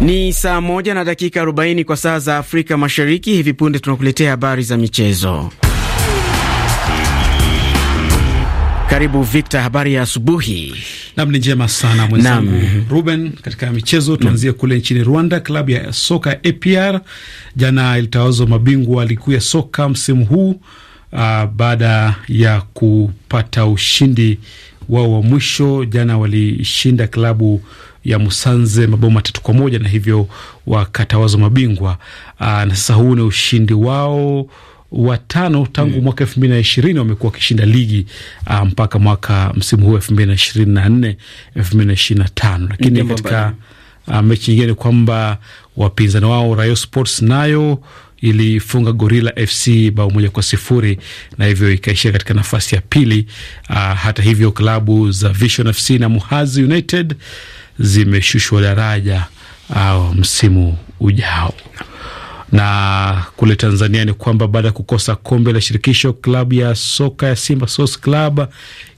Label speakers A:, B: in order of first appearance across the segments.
A: Ni saa moja na dakika 40 kwa saa za Afrika Mashariki. Hivi punde tunakuletea habari za michezo. Karibu Victor, habari ya asubuhi.
B: Nam ni njema sana mwenzangu Ruben. Katika michezo tuanzie kule nchini Rwanda, klabu ya soka APR jana ilitawazwa mabingwa ligi ya soka msimu huu uh, baada ya kupata ushindi wao wa mwisho. Jana walishinda klabu ya Musanze mabao matatu kwa moja na hivyo wakatawazwa mabingwa. Aa, ah, Na sasa huu ni ushindi wao watano tangu mm. mwaka elfu mbili na ishirini wamekuwa wakishinda ligi uh, mpaka mwaka msimu huu elfu mbili na ishirini na nne elfu mbili na ishirini na tano lakini katika uh, mechi nyingine ni kwamba wapinzani wao Rayo Sports nayo ilifunga Gorilla FC bao moja kwa sifuri na hivyo ikaishia katika nafasi ya pili. Uh, hata hivyo klabu za Vision FC na Muhazi United zimeshushwa daraja au msimu ujao. Na kule Tanzania ni kwamba baada ya kukosa kombe la shirikisho, klabu ya soka ya Simba Sports Club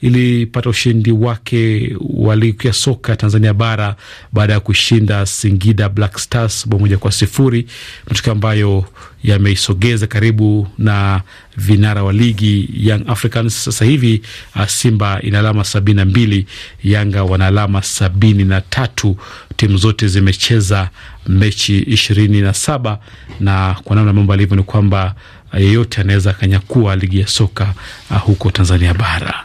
B: ilipata ushindi wake wa ligi ya soka Tanzania bara baada ya kushinda Singida Black Stars bao moja kwa sifuri, matokeo ambayo yameisogeza karibu na vinara wa ligi Young Africans. Sasa hivi ah, Simba ina alama sabini na mbili, Yanga wana alama sabini na tatu. Timu zote zimecheza mechi ishirini na saba na kwa namna mambo alivyo ni kwamba ah, yeyote anaweza akanyakua ligi ya soka ah, huko Tanzania bara.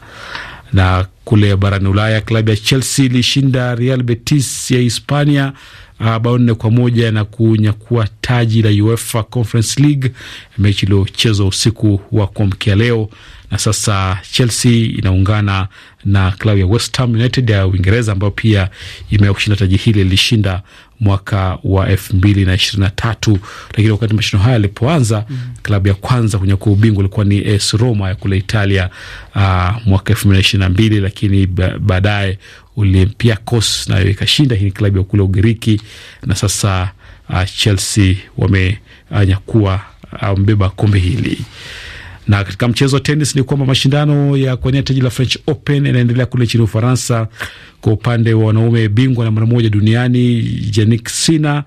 B: Na kule barani Ulaya, klabu ya Chelsea ilishinda Real Betis ya Hispania uh, bao nne kwa moja na kunyakua taji la UEFA Conference League, mechi iliyochezwa usiku wa kuamkia leo na sasa Chelsea inaungana na klabu ya West Ham United ya Uingereza ambayo pia imewahi kushinda taji hili, lilishinda mwaka wa elfu mbili na ishirini na tatu, lakini wakati mashindano haya yalipoanza mm. klabu ya kwanza kunyakua ubingwa ilikuwa ni AS Roma ya kule Italia uh, mwaka elfu mbili na ishirini na mbili, lakini baadaye Olympiacos nayo ikashinda. Hii ni klabu ya kule Ugiriki na sasa uh, Chelsea wamenyakua uh, wamebeba uh, kombe hili. Na katika mchezo wa tenis ni kwamba mashindano ya kuwania taji la French Open yanaendelea kule nchini Ufaransa. Kwa upande wa wanaume, bingwa namba moja duniani Jannik Sinner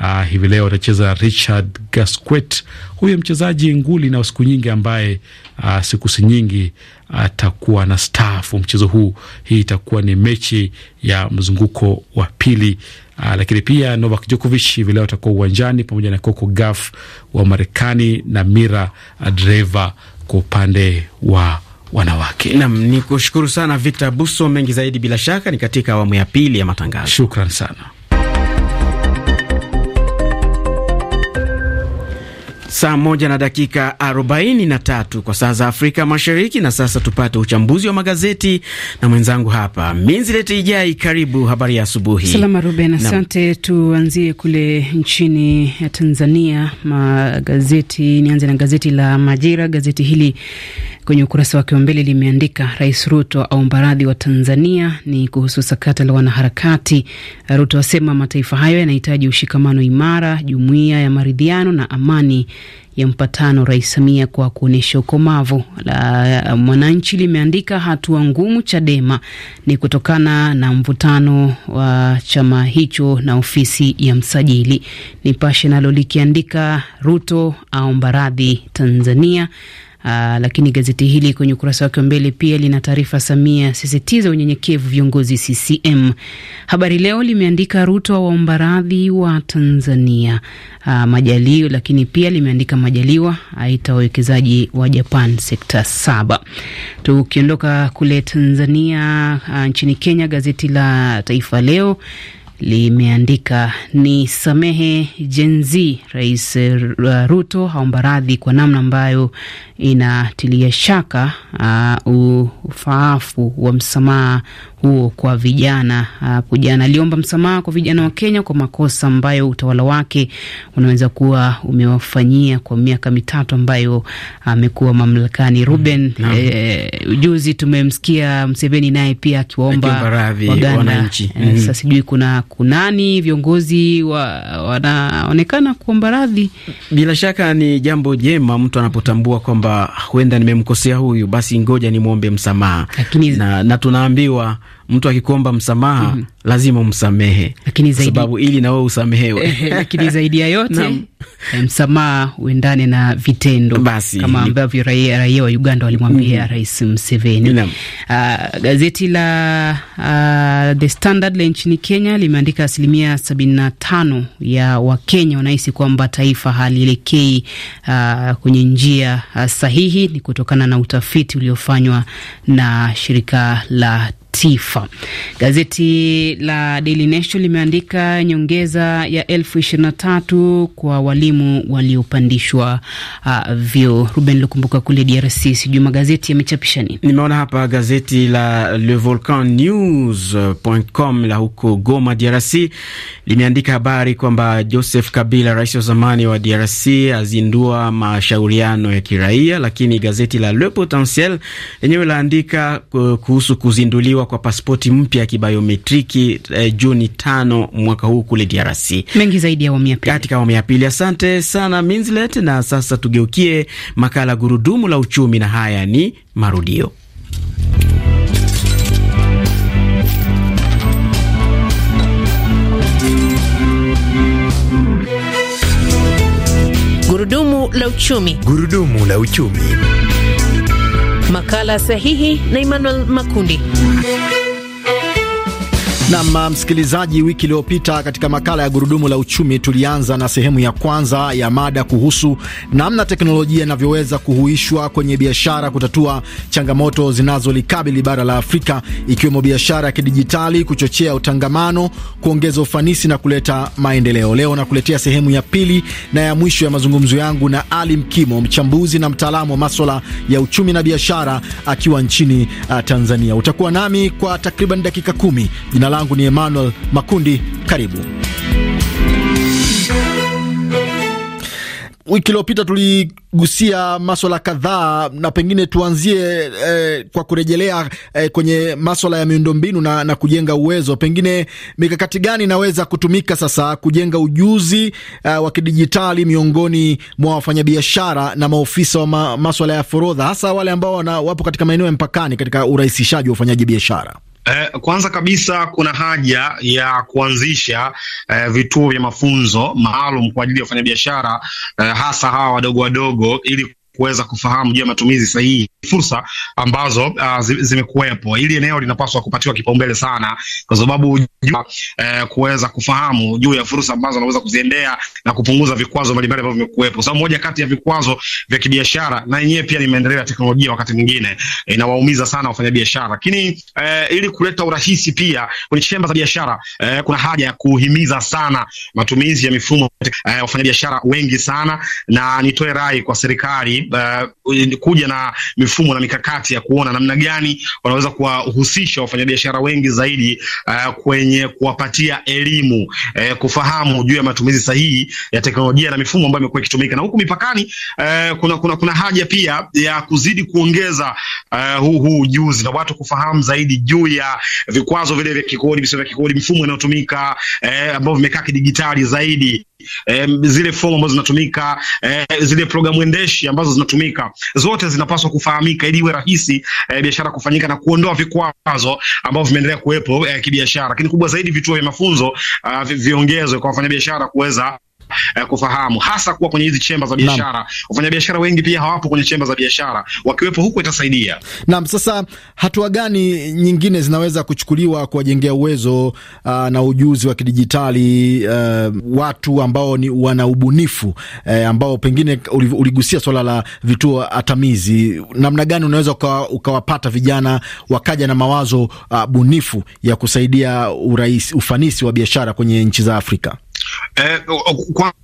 B: Uh, hivi leo atacheza Richard Gasquet, huyo mchezaji nguli na siku nyingi ambaye uh, siku si nyingi atakuwa na staafu mchezo huu. Hii itakuwa ni mechi ya mzunguko wa pili. Uh, lakini pia Novak Djokovic hivi leo atakuwa uwanjani pamoja na Coco Gauff wa Marekani
A: na Mira Andreeva kwa upande wa wanawake. Naam, ni kushukuru sana Victor Buso, mengi zaidi bila shaka ni katika awamu ya pili ya matangazo. Shukran sana. Saa moja na dakika tatu kwa saa za Afrika Mashariki. Na sasa tupate uchambuzi wa magazeti na mwenzangu hapa Minzileti Ijai. Karibu, habari ya asubuhi. Salama Ruben, asante.
C: Tuanzie kule nchini ya Tanzania. Magazeti, nianze na gazeti la Majira. Gazeti hili kwenye ukurasa wake wa mbele limeandika Rais Ruto aomba radhi wa Tanzania, ni kuhusu sakata la wanaharakati. Ruto asema mataifa hayo yanahitaji ushikamano imara, jumuiya ya maridhiano na amani ya mpatano Rais Samia kwa kuonyesha ukomavu. La Mwananchi limeandika hatua ngumu Chadema ni kutokana na mvutano wa chama hicho na ofisi ya msajili. Nipashe nalo likiandika Ruto aomba radhi Tanzania Aa, ah, lakini gazeti hili kwenye ukurasa wake wa mbele pia lina taarifa Samia sisitiza unyenyekevu viongozi CCM. Habari Leo limeandika Ruto waomba radhi wa Tanzania ah, Majaliwa, lakini pia limeandika Majaliwa aita wawekezaji wa Japan sekta saba. Tukiondoka kule Tanzania, aa, ah, nchini Kenya gazeti la Taifa Leo limeandika ni samehe jenzi. Rais uh, Ruto aomba radhi kwa namna ambayo inatilia shaka uh, ufaafu wa msamaha huo kwa vijana hapo jana. Aliomba msamaha kwa vijana wa Kenya kwa makosa ambayo utawala wake unaweza kuwa umewafanyia kwa miaka mitatu ambayo amekuwa mamlakani. Ruben, mm, eh, juzi tumemsikia Mseveni naye pia akiwaomba Waganda. Eh, mm-hmm. sasa sijui kuna kunani viongozi wa, wanaonekana kuomba radhi. Bila shaka ni
A: jambo jema mtu anapotambua kwamba huenda nimemkosea huyu, basi ngoja nimwombe msamaha Lakini... na, na tunaambiwa mtu akikuomba msamaha mm -hmm. lazima umsamehe zaidi... sababu
C: ili nawe usamehewe. Eh, lakini zaidi ya yote eh, msamaha uendane na vitendo basi, kama ambavyo raia, raia wa Uganda walimwambia mm -hmm. Rais Museveni. Uh, gazeti la uh, The Standard la nchini Kenya limeandika asilimia sabini na tano ya Wakenya wanahisi kwamba taifa halielekei uh, kwenye njia uh, sahihi. Ni kutokana na utafiti uliofanywa na shirika la Tifa. Gazeti la Daily Nation limeandika nyongeza ya elfu ishirini na tatu kwa walimu waliopandishwa uh, vyo. Ruben Lukumbuka kule DRC, sijui magazeti yamechapisha nini. Nimeona hapa
A: gazeti la Le Volcan uh, com la huko Goma, DRC limeandika habari kwamba Joseph Kabila, rais wa zamani wa DRC, azindua mashauriano ya kiraia, lakini gazeti la Le Potentiel lenyewe laandika uh, kuhusu kuzinduliwa kutolewa kwa pasipoti mpya ya kibayometriki eh, Juni tano mwaka huu kule DRC. Mengi zaidi ya awamu ya pili katika awamu ya pili. Asante sana Minslet, na sasa tugeukie makala gurudumu la uchumi, na haya ni marudio.
C: Gurudumu la uchumi.
D: Gurudumu la uchumi
C: makala sahihi na Emmanuel Makundi.
D: Nam msikilizaji, wiki iliyopita katika makala ya gurudumu la uchumi tulianza na sehemu ya kwanza ya mada kuhusu namna teknolojia inavyoweza kuhuishwa kwenye biashara kutatua changamoto zinazolikabili bara la Afrika, ikiwemo biashara ya kidijitali, kuchochea utangamano, kuongeza ufanisi na kuleta maendeleo. Leo nakuletea sehemu ya pili na ya mwisho ya mazungumzo yangu na Ali Mkimo, mchambuzi na mtaalamu wa maswala ya uchumi na biashara, akiwa nchini uh, Tanzania. Utakuwa nami kwa takriban dakika kumi. Jina langu ni Emmanuel Makundi, karibu. Wiki iliyopita tuligusia maswala kadhaa na pengine tuanzie eh, kwa kurejelea eh, kwenye maswala ya miundombinu na, na kujenga uwezo. Pengine mikakati gani inaweza kutumika sasa kujenga ujuzi eh, wa kidijitali miongoni mwa wafanyabiashara na maofisa wa ma, maswala ya forodha, hasa wale ambao wapo katika maeneo ya mpakani, katika urahisishaji wa ufanyaji biashara?
E: Eh, kwanza kabisa kuna haja ya kuanzisha eh, vituo vya mafunzo maalum kwa ajili ya wafanyabiashara eh, hasa hawa wadogo wadogo ili kuweza kufahamu juu ya matumizi sahihi fursa ambazo uh, zimekuwepo. Hili eneo linapaswa kupatiwa kipaumbele sana, kwa sababu uh, kuweza kufahamu juu ya fursa ambazo anaweza kuziendea na kupunguza vikwazo mbalimbali ambavyo vimekuwepo. Sababu moja kati ya vikwazo vya kibiashara na yenyewe pia ni maendeleo ya teknolojia, wakati mwingine eh, inawaumiza sana wafanyabiashara, lakini uh, ili kuleta urahisi pia kwenye chemba za biashara uh, kuna haja ya kuhimiza sana matumizi ya mifumo uh, wafanyabiashara wengi sana, na nitoe rai kwa serikali uh, kuja na mifumo mifumo na mikakati ya kuona namna gani wanaweza kuwahusisha wafanyabiashara wengi zaidi uh, kwenye kuwapatia elimu uh, kufahamu juu ya matumizi sahihi ya teknolojia na mifumo ambayo imekuwa ikitumika. Na huku mipakani uh, kuna, kuna, kuna haja pia ya kuzidi kuongeza uh, huu huu ujuzi na watu kufahamu zaidi juu ya vikwazo vile vya kikodi, visivyo vya kikodi, mifumo inayotumika uh, ambayo vimekaa kidigitali zaidi E, zile fomu ambazo zinatumika e, zile programu endeshi ambazo zinatumika zote zinapaswa kufahamika kufahamika, ili iwe rahisi eh, biashara kufanyika na kuondoa vikwazo ambavyo vimeendelea kuwepo eh, kibiashara. Lakini kubwa zaidi, vituo vya mafunzo uh, viongezwe kwa wafanyabiashara kuweza eh, kufahamu hasa kuwa kwenye hizi chemba za biashara. Wafanyabiashara wengi pia hawapo kwenye chemba za biashara, wakiwepo huko itasaidia.
D: Naam, sasa hatua gani nyingine zinaweza kuchukuliwa kuwajengea uwezo uh, na ujuzi wa kidijitali uh, watu ambao ni wana ubunifu eh, ambao pengine uligusia swala la vituo atamizi, namna gani unaweza ukawapata vijana wakaja na mawazo uh, bunifu ya kusaidia urais, ufanisi wa biashara kwenye nchi za Afrika?
E: Eh,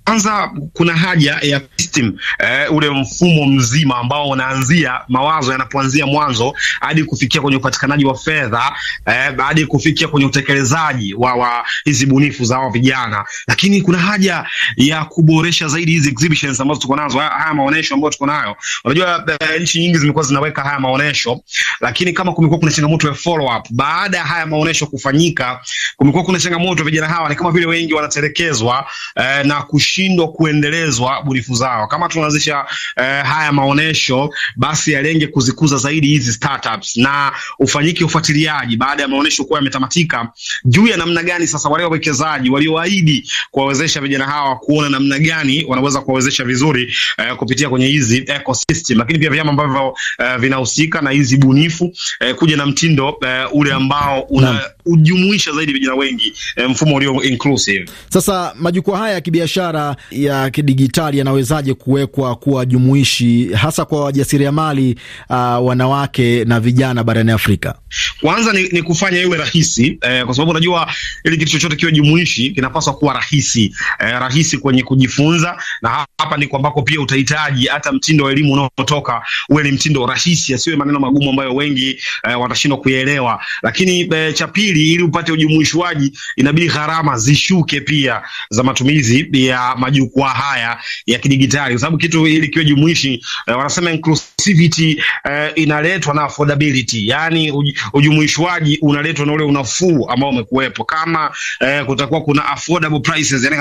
E: kwanza kuna haja ya system eh, ule mfumo mzima ambao unaanzia mawazo yanapoanzia mwanzo hadi kufikia kwenye upatikanaji wa fedha eh, hadi kufikia kwenye utekelezaji wa, wa hizi bunifu za hawa vijana, lakini kuna haja ya kuboresha zaidi hizi exhibitions ambazo tuko nazo, haya maonesho ambayo tuko nayo. Unajua eh, nchi nyingi zimekuwa zinaweka haya maonesho, lakini kama kumekuwa kuna changamoto ya follow up baada ya haya maonesho kufanyika, kumekuwa kuna changamoto vijana hawa ni kama vile wengi wanatelekeza kuendelezwa eh, na kushindwa kuendelezwa bunifu zao. Kama tunaanzisha eh, haya maonesho, basi yalenge kuzikuza zaidi hizi startups na ufanyike ufuatiliaji baada ya maonesho kuwa yametamatika, juu ya namna gani sasa wale wawekezaji walioahidi kuwawezesha vijana hawa kuona namna gani wanaweza kuwawezesha vizuri eh, kupitia kwenye hizi ecosystem, lakini pia vyama ambavyo eh, vinahusika na hizi bunifu eh, kuja na mtindo eh, ule ambao unajumuisha zaidi vijana wengi eh, mfumo ulio inclusive.
D: Sasa majukwaa haya ya kibiashara ya kidigitali yanawezaje kuwekwa kuwa jumuishi hasa kwa wajasiriamali uh, wanawake na vijana barani Afrika?
E: Kwanza ni, ni kufanya iwe rahisi eh, kwa sababu unajua ili kitu chochote kiwe jumuishi kinapaswa kuwa rahisi eh, rahisi kwenye kujifunza, na hapa ni kwambako pia utahitaji hata mtindo wa elimu unaotoka uwe ni mtindo rahisi, asiwe maneno magumu ambayo wengi eh, watashindwa kuyaelewa. Lakini eh, cha pili, ili upate ujumuishwaji inabidi gharama zishuke pia za matumizi ya majukwaa haya ya kidigitali, kwa sababu kitu ili kiwe jumuishi eh, wanasema inclusivity eh, inaletwa na affordability, yani ujumuishwaji unaletwa na ule unafuu ambao umekuwepo. Kama eh, kutakuwa kuna affordable prices, yani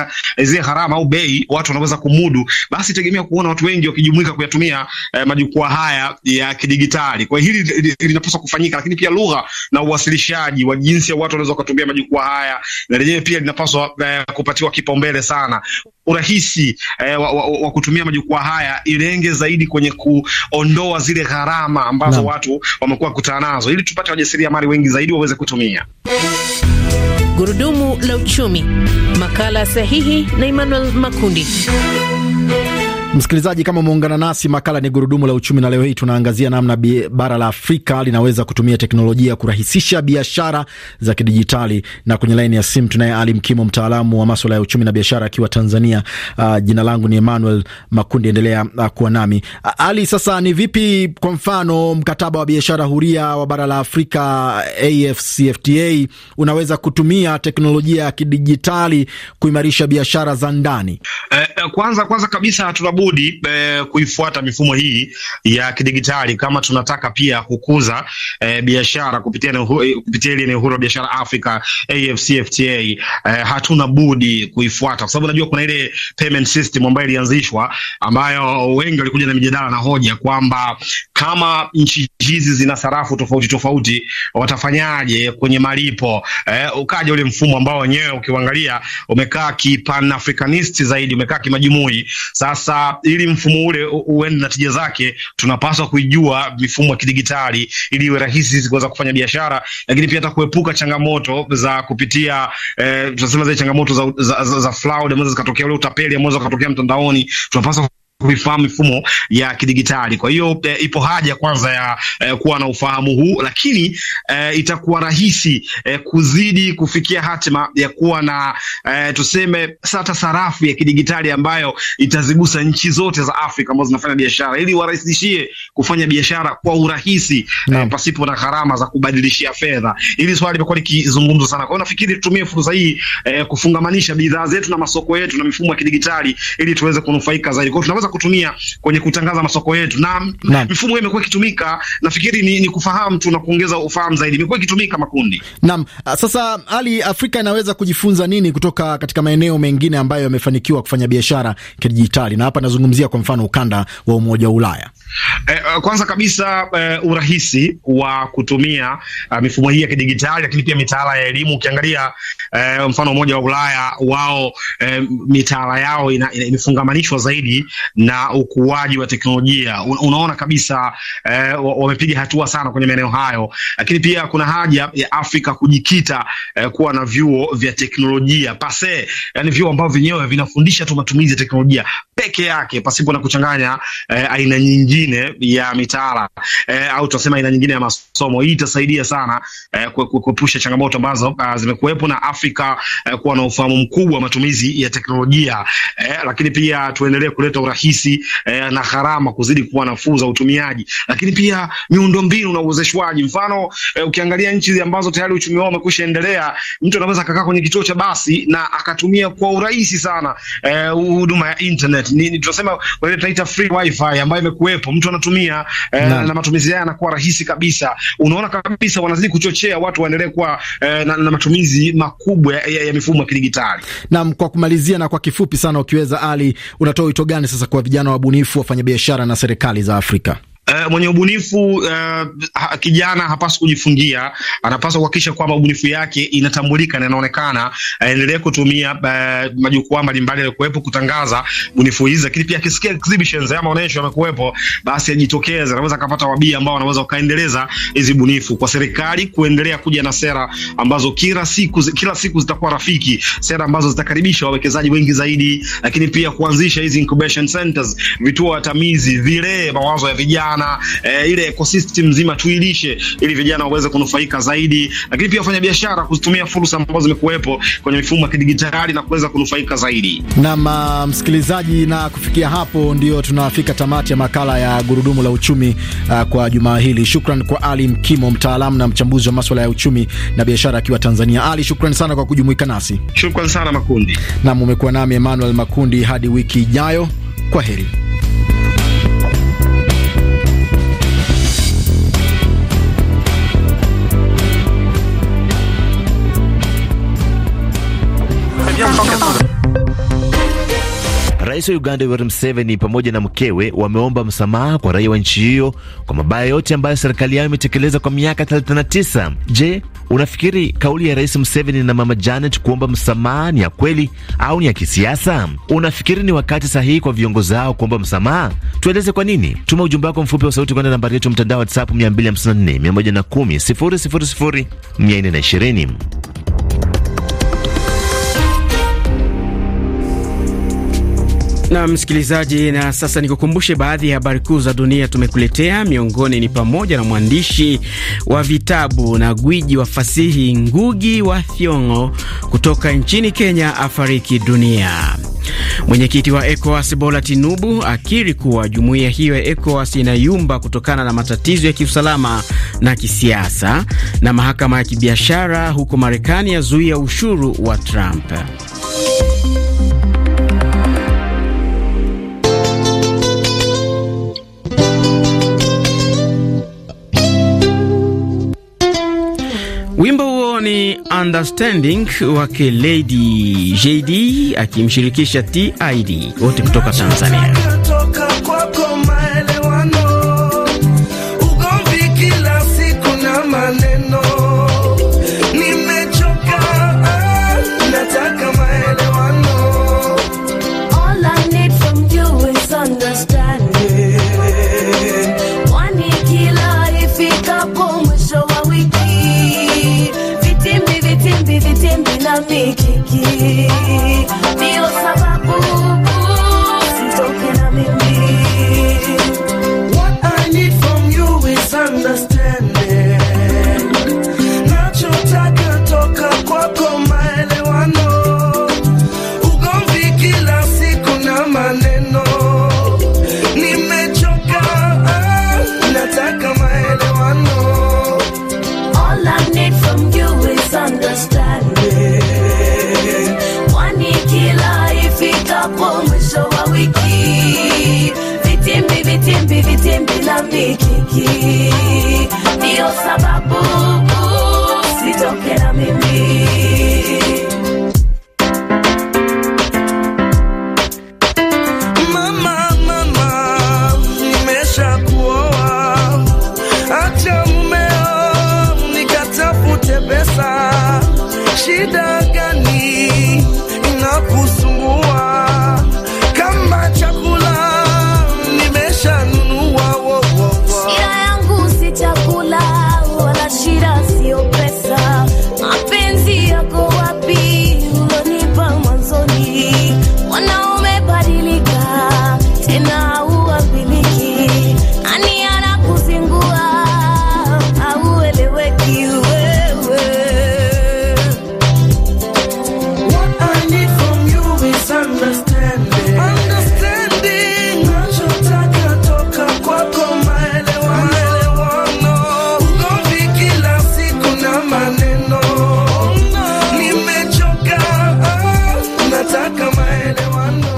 E: zile gharama au bei watu wanaweza kumudu, basi tegemea kuona watu wengi wakijumuika kuyatumia eh, majukwaa haya ya kidigitali. Kwa hili linapaswa kufanyika, lakini pia lugha na uwasilishaji wa jinsi ya watu wanaweza kutumia majukwaa haya na lenyewe pia linapaswa eh, kupatiwa wa kipaumbele sana. Urahisi eh, wa, wa, wa kutumia majukwaa haya ilenge zaidi kwenye kuondoa zile gharama ambazo na watu wamekuwa kukutana nazo, ili tupate wajasiriamali wengi zaidi waweze kutumia
C: Gurudumu la Uchumi, makala sahihi na Emmanuel Makundi.
D: Msikilizaji, kama umeungana nasi, makala ni gurudumu la uchumi, na leo hii tunaangazia namna bara la Afrika linaweza kutumia teknolojia kurahisisha biashara za kidijitali, na kwenye laini ya simu tunaye Ali Mkimo, mtaalamu wa maswala ya uchumi na biashara akiwa Tanzania. Uh, jina langu ni Emmanuel Makundi, endelea uh, kuwa nami uh, Ali. Sasa ni vipi, kwa mfano, mkataba wa biashara huria wa bara la Afrika AfCFTA uh, unaweza kutumia teknolojia ya kidijitali kuimarisha biashara za ndani?
E: Eh, kwanza kwanza kabisa tunabu budi e, eh, kuifuata mifumo hii ya kidigitali kama tunataka pia kukuza e, biashara kupitia kupitia ile eneo huru la biashara Afrika AfCFTA, e, eh, hatuna budi kuifuata kwa sababu najua kuna ile payment system ambayo ilianzishwa ambayo wengi walikuja na mijadala na hoja kwamba kama nchi hizi zina sarafu tofauti tofauti watafanyaje kwenye malipo eh? Ukaja ule mfumo ambao wenyewe ukiangalia umekaa kipanafrikanisti zaidi, umekaa kimajumui. Sasa ili mfumo ule uende na tija zake, tunapaswa kuijua mifumo ya kidigitali ili iwe rahisi kuweza kufanya biashara, lakini pia hata kuepuka changamoto za kupitia eh, tunasema zile changamoto za, za, za, za fraud ambazo zikatokea, ule utapeli ambao zikatokea mtandaoni tunapaswa kuifahamu mifumo ya kidigitali. Kwa hiyo e, ipo haja kwanza ya e, kuwa na ufahamu huu, lakini e, itakuwa rahisi e, kuzidi kufikia hatima ya kuwa na e, tuseme sata sarafu ya kidigitali ambayo itazigusa nchi zote za Afrika ambazo zinafanya biashara, ili warahisishie kufanya biashara kwa urahisi no. e, pasipo na gharama za kubadilishia fedha. Hili swali limekuwa likizungumzwa sana, kwa hiyo nafikiri tutumie fursa hii e, kufungamanisha bidhaa zetu na masoko yetu na mifumo ya kidigitali ili tuweze kunufaika zaidi. Kwa hiyo tunaweza kutumia kwenye kutangaza masoko yetu, na mifumo hiyo imekuwa ikitumika. Nafikiri ni, ni kufahamu tu na kuongeza ufahamu zaidi, imekuwa ikitumika makundi.
D: Naam, ah, sasa hali Afrika inaweza kujifunza nini kutoka katika maeneo mengine ambayo yamefanikiwa kufanya biashara kidijitali, na hapa nazungumzia kwa mfano ukanda wa Umoja wa Ulaya.
E: Eh, eh, kwanza kabisa eh, urahisi wa kutumia eh, mifumo hii ya kidijitali, lakini pia mitaala ya elimu. Ukiangalia eh, mfano mmoja wa Ulaya wao, eh, mitaala yao imefungamanishwa zaidi na ukuaji wa teknolojia. Unaona kabisa eh, wamepiga hatua sana kwenye maeneo hayo, lakini pia kuna haja ya Afrika kujikita eh, kuwa na vyuo vya teknolojia pase, yani vyuo ambavyo vyenyewe vinafundisha tu matumizi ya teknolojia peke yake pasipo na kuchanganya eh, aina nyingine ya mitaala eh, au tunasema aina nyingine ya masomo. Hii itasaidia sana eh, kuepusha changamoto ambazo uh, zimekuwepo na Afrika eh, kuwa na ufahamu mkubwa wa matumizi ya teknolojia eh, lakini pia tuendelee kuleta urahisi eh, na gharama kuzidi kuwa nafuu za utumiaji, lakini pia miundombinu na uwezeshwaji. Mfano eh, ukiangalia nchi ambazo tayari uchumi wao umekwisha endelea, mtu anaweza akakaa kwenye kituo cha basi na akatumia kwa urahisi sana eh, huduma eh, ya internet nini tunasema wewe tunaita free wifi ambayo imekuwepo, mtu anatumia eh, na, na matumizi yake yanakuwa rahisi kabisa. Unaona kabisa wanazidi kuchochea watu waendelee kuwa eh, na, na matumizi makubwa ya, ya, ya mifumo ya kidigitali.
D: Naam, kwa kumalizia na kwa kifupi sana, ukiweza Ali, unatoa wito gani sasa kwa vijana wabunifu, wafanyabiashara na serikali za Afrika?
E: uh, mwenye ubunifu uh, ha, kijana hapaswi kujifungia, anapaswa kuhakikisha kwamba ubunifu yake inatambulika na inaonekana. Aendelee uh, kutumia uh, majukwaa mbalimbali yaliokuwepo kutangaza ubunifu hizi, lakini pia akisikia exhibitions ama maonyesho yamekuwepo, basi ajitokeze, anaweza akapata wabii ambao wanaweza wakaendeleza hizi bunifu. Kwa serikali kuendelea kuja na sera ambazo kila siku kila siku zitakuwa rafiki, sera ambazo zitakaribisha wawekezaji wengi zaidi, lakini pia kuanzisha hizi incubation centers, vituo vya tamizi, vile mawazo ya vijana vijana eh, ile ecosystem nzima tuilishe, ili vijana waweze kunufaika zaidi, lakini pia wafanya biashara kutumia fursa ambazo zimekuwepo kwenye mifumo ya kidijitali na kuweza kunufaika zaidi.
D: Naam, ah, msikilizaji, na kufikia hapo ndio tunafika tamati ya makala ya gurudumu la uchumi uh, kwa jumaa hili. Shukran kwa Ali Mkimo, mtaalamu na mchambuzi wa maswala ya uchumi na biashara akiwa Tanzania. Ali, shukran sana kwa kujumuika nasi. Shukran sana Makundi. Naam, umekuwa nami Emmanuel Makundi hadi wiki ijayo. Kwa heri. Rais wa Uganda Yoweri Museveni pamoja na mkewe wameomba msamaha kwa raia wa nchi hiyo kwa mabaya yote ambayo serikali yao imetekeleza kwa miaka 39. Je, unafikiri kauli ya Rais Museveni na Mama Janet kuomba msamaha ni ya kweli au ni ya kisiasa? Unafikiri ni wakati sahihi kwa viongozi hao kuomba msamaha? Tueleze kwa nini. Tuma ujumbe wako mfupi wa sauti kwenda nambari yetu mtandao WhatsApp 254 110 000 420.
A: Na msikilizaji, na sasa nikukumbushe baadhi ya habari kuu za dunia tumekuletea. Miongoni ni pamoja na mwandishi wa vitabu na gwiji wa fasihi Ngugi wa Thiong'o kutoka nchini Kenya afariki dunia. Mwenyekiti wa ECOWAS Bola Tinubu akiri kuwa jumuiya hiyo ya ECOWAS inayumba kutokana na matatizo ya kiusalama na kisiasa. Na mahakama ya kibiashara huko Marekani yazuia ushuru wa Trump. Wimbo huo ni Understanding wake Lady JD akimshirikisha TID wote kutoka Tanzania.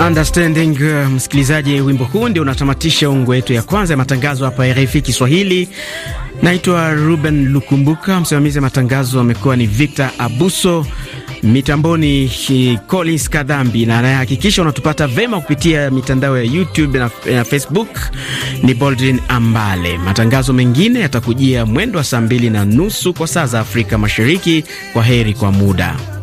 A: Understanding uh, msikilizaji, wimbo huu ndio unatamatisha ungo yetu ya kwanza ya matangazo hapa RFI Kiswahili. Naitwa Ruben Lukumbuka, msimamizi wa matangazo amekuwa ni Victor Abuso, mitamboni eh, Collins Kadhambi, na anayehakikisha unatupata vema kupitia mitandao ya YouTube na, na eh, Facebook ni Boldrin Ambale. Matangazo mengine yatakujia mwendo wa saa mbili na nusu kwa saa za Afrika Mashariki. Kwa heri kwa muda.